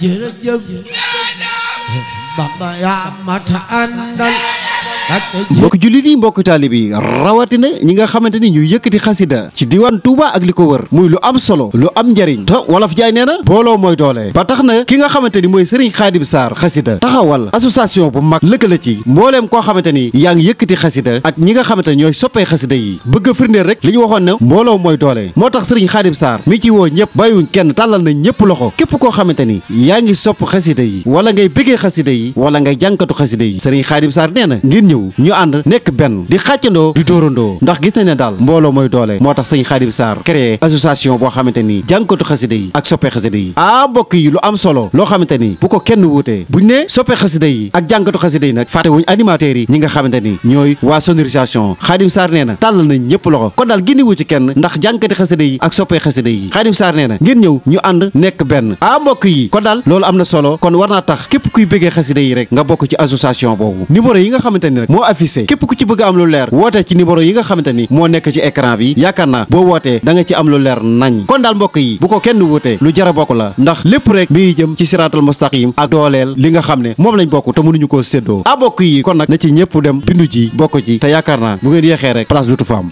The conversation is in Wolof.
jërëjëf Bamba yaa mat àndal mbokk jullit yi mbokk taalib yi rawatina ñi nga xamante ni ñu yëkkati xasida ci diwaan Touba ak li ko wër muy lu am solo lu am njariñ te wolof jaay nee na booloo mooy doole ba tax na ki nga xamante ni mooy Serigne Khadim Sarr xasida taxawal association bu mag lëkkale ci mbooleem koo xamante ni yaa ngi yëkkati xasida ak ñi nga xamante ni ñooy soppee xasida yi bëgg a firndeel rek li ñu waxoon ne mbooloo mooy doole moo tax Serigne Khadim Sarr mi ci woo ñëpp bàyyiwuñ kenn tàllal nañ ñëpp loxo képp koo xamante ni yaa ngi sopp xasida yi wala ngay bëggee xasida yi wala ngay jànkatu xasida yi Serigne Khadim Sarr nee na ngir ñëw diw ñu ànd nekk benn di xàccandoo di dóorandoo ndax gis nañ ne daal mbooloo mooy doole moo tax sëñ Xaadim Sarr créé association boo xamante ni xasida yi ak soppe xasida yi ah ni bu ko kenn wuutee buñ ne soppe xasida yi ak jànkatu xasida yi nag fàtte wuñ animateurs yi ñi nga xamante ni ñooy waa sonorisation Xaadim Sarr nee na tàllal nañ ñëpp loxo kon daal génnewu ci kenn ndax jànkati xasida yi ak soppe xasida yi Xaadim Sarr nee na ngeen ñëw ñu ànd nekk benn ah mbokk yi kon daal loolu am na solo kon war naa tax képp kuy bëggee xasida yi rek rek moo affiché képp ku ci bëgg am lu leer woote ci numéro yi nga xamante ni moo nekk ci écran bi yaakaar naa boo wootee danga nga ci am lu leer nañ kon daal mbokk yi bu ko kenn wuutee lu jara bokk la ndax lépp rek mi ngi jëm ci siraatal mustaqim ak dooleel li nga xam ne moom lañ bokk te mënuñu koo séddoo a ah, bokk yi kon nag na ci ñëpp dem bindu ji bokk ci te yaakaar naa bu ngeen yeexee rek place dutu faam